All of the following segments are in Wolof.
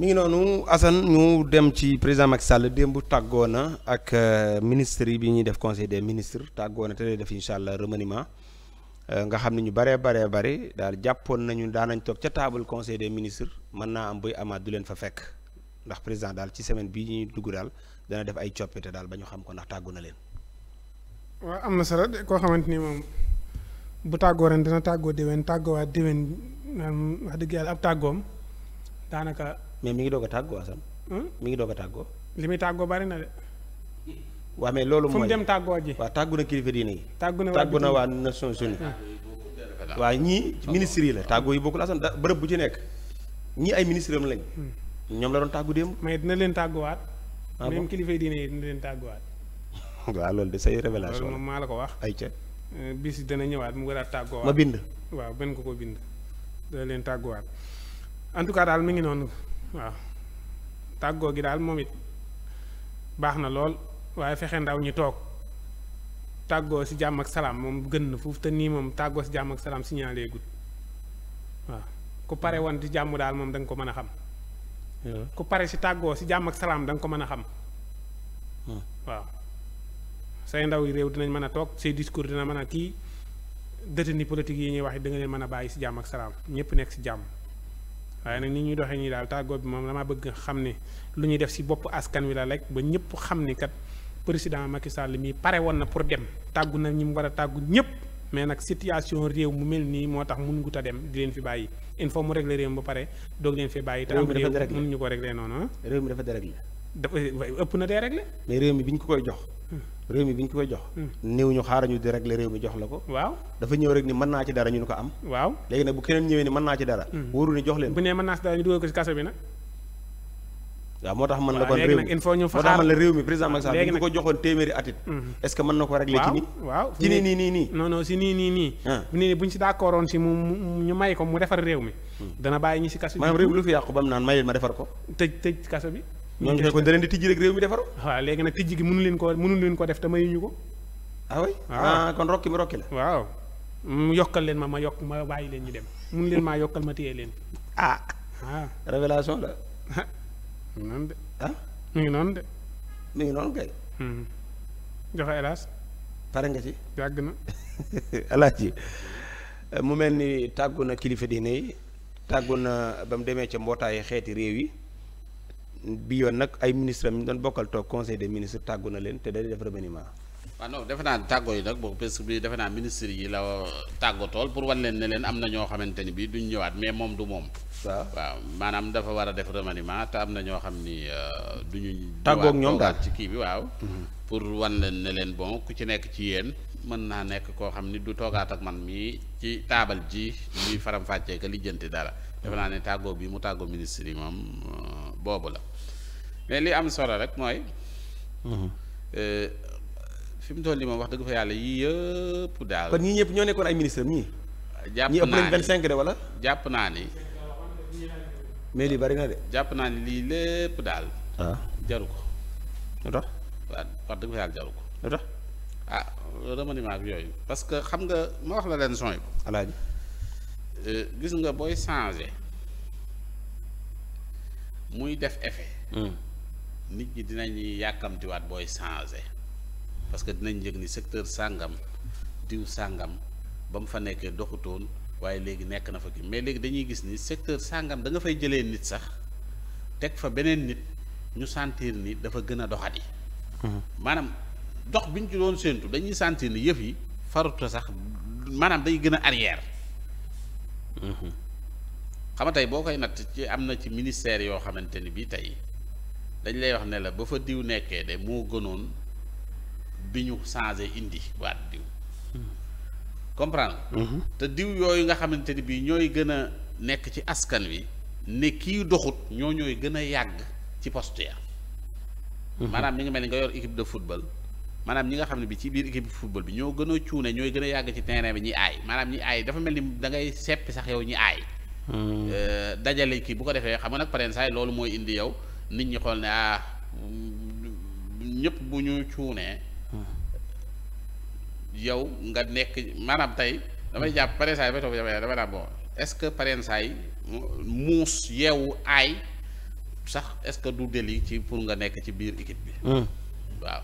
mu ngi noonu Assane mu dem ci président Macky Sall démb tàggoo na ak euh, ministre yi bi ñuy def conseil des ministre tàggoo na te lay def incha allah remaniement euh, nga xam ne ñu baree baree bare daal jàppoon nañu daanañ toog ca table conseil des ministre mën naa am buy amaat du leen fa fekk ndax président daal ci semaine bii ñuy dugg daal dana def ay coppite daal ba ñu xam ko ndax tàggu na leen. waaw am na solo koo xamante ni moom bu tàggoo ren dana tàggoo déwén tàggoowaat déwén wax dëgg yàlla ab tàggoom mais mi ngi doog a tàggoo Assane. Hmm? mi ngi doo ko tàggoo. li muy tàggoo bari na de. waa mais loolu mooy fu mu dem tàggoo ji. waa tàggu na kilifa diine yi. tàggu na waa tàggu na waa Nations Unies. Ah. waa ñii ministres yi la tàggoo yi bokkul Assane da bërëb bu ci nekk ñii ay ministres am lañ. Hmm. ñoom la doon tàggu démb. mais dina leen tàgguwaat. Ah même kilifa diine yi dina leen tàgguwaat. waaw loolu de say révélation maa la ko wax. ay ca euh, bis dana ñëwaat mu war a tàgguwaat. ma bind. waa benn ko ko bind. dina leen tàgguwaat en daal mi ngi noonu. waaw tàggoo gi daal moom it baax na lool waaye fexe ndaw ñi toog tàggoo si jàmm ak salaam moom gën na foofu te nii moom tàggoo si jàmm ak salaam signalé gut waaw ku pare woon di jàmm daal moom danga ko mën a xam. ku pare si tàggoo si jàmm ak salaam da nga ko mën a xam. Hmm. waaw say ndaw yi réew dinañ mën a toog say discours dina mën a kii détenu politique yi ñuy wax da nga leen mën a bàyyi si jàmm ak salaam ñëpp nekk si jàmm. waaye nag ni ñuy doxee nii daal tàggoo bi moom damaa bëgg xam ne lu ñuy def si bopp askan wi la rek ba ñëpp xam ne kat président Macky Sall mii pare woon na pour dem tàggu na ñi mu war a tàggu ñëpp mais nag situation réew mu mel nii moo tax mun gut a dem di leen fi bàyyi il faut mu régler réew mi ba pare doog leen fi bàyyi. te am réew mënuñu ko régler noonu ah. réew mi dafa déréglé dafa ëpp na dee réglé. mais réew mi bi ñu ko koy jox. Hmm. réew mi bi ñu ko koy jox. Hmm. néew ñu xaarañu di réglé réew mi jox la ko. waaw dafa ñëw rek ni mën naa ci dara ñu ko am. waaw léegi nag bu keneen ñëwee ni mën naa ci dara. Hmm. jox leen bu nee naa ci dara ko moo tax man la kon réew mi moo tax man la réew mi président Macky Sall bu ñu ko joxoon téeméeri atit est-ce na ko réglé ci nii waaw ci nii nii nii nii nii nii nii bu nii bu ñu si d'accordoon si mu ñu may ko mu defar réew mi dana bàyyi ñi si kaso bi maanaam réew mi lu fi yàqu ba mu naan may leen ma defar ko tëj tëj kaso bi ñoom ñu ko da leen di tijji rek réew mi defaru léegi nag tijji gi mënu leen ko mënu leen ko def te ko ah oui ah la waaw mu mm, leen ma ma yokk ma bàyyi leen ñu dem mun leen ma téye leen ah ah révélation ngi ah. noonu de ah? mu ngi noonu de mu ngi noonu kay hmm. joxe hélas pare nga ci yàgg na alaaji mu mel ni tàggu na kilifa diine yi tàggu na ba mu demee ca mbootaayu xeeti réew yi bi yoon nag ay ministre am doon bokkal toog conseil des ministre tàggu na leen te day def remaniement. waaw non defe naa tàggoo yi nag boobu parce que defe naa ministre yi la tàggatool pour wan leen ne leen am na ñoo xamante ni bii duñ ñëwaat mais moom du moom. waaw maanaam dafa war a def remaniement te am na ñoo xam ni euh, duñu. tàggoog ñoom daal ci kii bi waaw. Mhm. pour wan leen ne leen bon ku ci nekk ci yéen. mën naa nekk koo xam ni du toogaat ak man mii ci taabal ji ñuy faram-fàccee ka lijjanti dara defe naa ne tàggoo bii mu tàggoo ministre yi moom euh, boobu la mais li am solo rek mooy euh, fi mu toll yi moom wax dëgg fa yàlla yii yëpp daal. kon ñii ñëpp ñoo nekkoon ay ministre ñii. jàpp naa ni ñii ëpp vingt cinq de wala. jàpp naa ni. mais lii bari na de. jàpp naa ni lii lépp daal. Ah. jaru ko. lu tax waaw wax dëgg fa yàlla jaru ko lu tax. ah remaniement bi yooyu parce que xam nga ma wax la leen son yi alaaji euh, gis nga booy changer muy def effet hmm. nit ñi dinañuy yàkkamtiwaat booy changer parce que dinañ yëg ni secteur sàngam diw sàngam ba mu fa nekkee doxutoon waaye léegi nekk na fa kii mais léegi dañuy gis ni secteur sàngam danga fay jëlee nit sax teg fa beneen nit ñu sentir ni dafa gën a doxati hmm. maanaam dox bi ñu ci doon séentu dañuy sentir ni yëpp yi faruta sax maanaam day gën a arrière mhm. xam nga tey boo koy natt ci am na ci ministère yoo xamante ni bii tey dañ lay wax ne la ba fa diw nekkee de moo gënoon bi ñu changé indi waat diw mhm. comprendre mhm. te diw yooyu nga xamante ni bii ñooy gën a nekk ci askan wi ne kii doxut ñoo ñooy gën a yàgg ci poste ya maanaam mi ngi mel ni nga yor équipe de football maanaam ñi nga xam ne bi ci biir équipe football bi ñoo gën a cuune ñooy gën a yàgg ci terrain bi ñi aay maanaam ñi aay dafa mel ni da ngay seppi sax yow ñi aay hmm. euh, dajale kii bu ko defee xam nga nag pareen saay loolu mooy indi yow nit ñi xool ne ah ñëpp bu ñu cuunee yow nga nekk maanaam tey damay jàpp pareen saay ba toog jafe damay naan bon est-ce que pareen saay muus yeewu aay sax est-ce que du déli ci pour nga nekk ci biir équipe bi hmm. waaw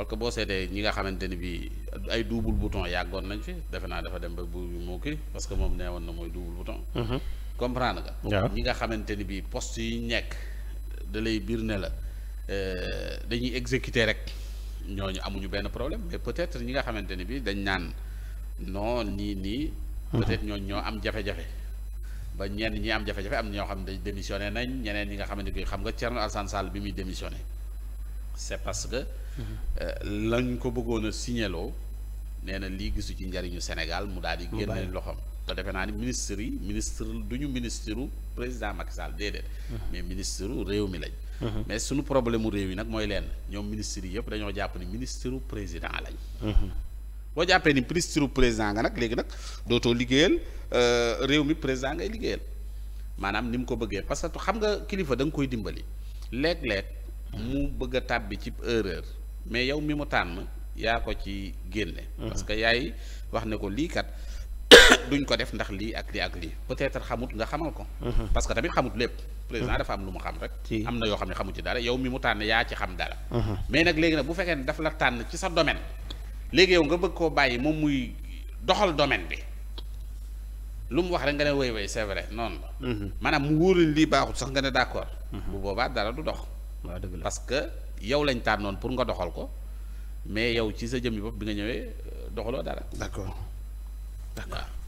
parce que boo seetee ñi nga xamante ni bii ay double bouton yàggoon nañ fi defe naa dafa dem ba bu moo kii parce que moom nee woon na mooy double bouton. Mhm. comprendre nga. ñi nga xamante ni bii poste nekk da biir ne la euh, dañuy exécuter rek ñooñu amuñu benn problème peut-être ñi nga xamante ni bii dañ naan non nii nii. Mhm. peut-être ñooñu ñoo am jafe-jafe. ba ñenn ñi am jafe-jafe am ñoo xam ne démissionné nañ ñeneen ñi nga xamante ni bii xam nga Thierno Alassane Sall bi muy démissionné. c' est parce que euh, lañ ko bëggoon a signaloo nee na lii gisu ci njariñu Sénégal mu daal di génne loxoom te defe naa ni ministre yi ministre du ñu ministre président Macky Sall déedéet mais ministre réew mi lañ mais suñu problème mu réew yi nag mooy leen ñoom ministre yi yëpp dañoo jàpp ni ministre président lañ boo jàppee ni ministre président nga nag léegi nag dootoo liggéeyal euh, réew mi président ngay liggéeyal maanaam ni mu ko bëggee parce que xam nga kilifa da koy dimbali mu bëgg a tàbbi ci erreur mais yow mi mu tànn yaa ko ci génne. parce que yaay wax ne ko lii kat duñ ko def ndax lii ak lii ak lii peut-être xamut nga xamal ko. parce que tamit xamut lépp. président dafa am lu mu xam rek. am na yoo xam ne xamu ci dara yow mi mu tànn yaa ci xam dara. mais nag léegi nag bu fekkee ne daf la tànn ci sa domaine léegi yow nga bëgg koo bàyyi moom muy doxal domaine bi. lu mu wax rek nga ne woy woy c'est noonu la. maanaam mu wóorul lii baaxut sax nga ne d'accord. bu boobaa dara du dox. waaw dëgg la parce que yow lañ noon pour nga doxal ko mais yow ci sa jëmmi bopp bi nga ñëwee doxaloo dara. d'accord